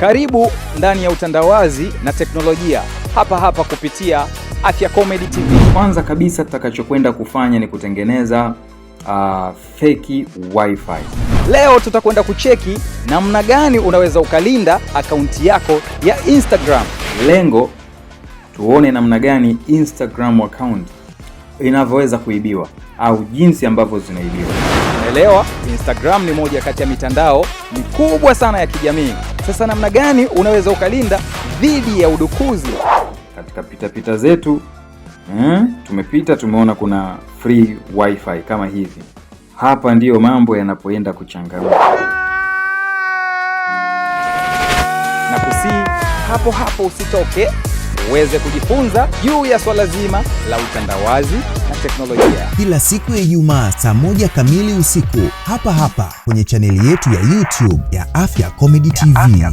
Karibu ndani ya utandawazi na teknolojia hapa hapa kupitia Afya Comedy TV. Kwanza kabisa tutakachokwenda kufanya ni kutengeneza uh, fake wifi. Leo tutakwenda kucheki namna gani unaweza ukalinda akaunti yako ya Instagram. Lengo tuone namna gani Instagram account inavyoweza kuibiwa au jinsi ambavyo zinaibiwa. Unaelewa, Instagram ni moja kati ya mitandao mikubwa sana ya kijamii sasa namna gani unaweza ukalinda dhidi ya udukuzi katika pitapita zetu? Hmm, tumepita tumeona kuna free wifi kama hivi. Hapa ndiyo mambo yanapoenda kuchangamka na kusi hapo hapo usitoke uweze kujifunza juu ya swala zima la utandawazi na teknolojia kila siku ya Ijumaa saa moja kamili usiku hapa hapa kwenye chaneli yetu ya YouTube ya Afya Comedy TV.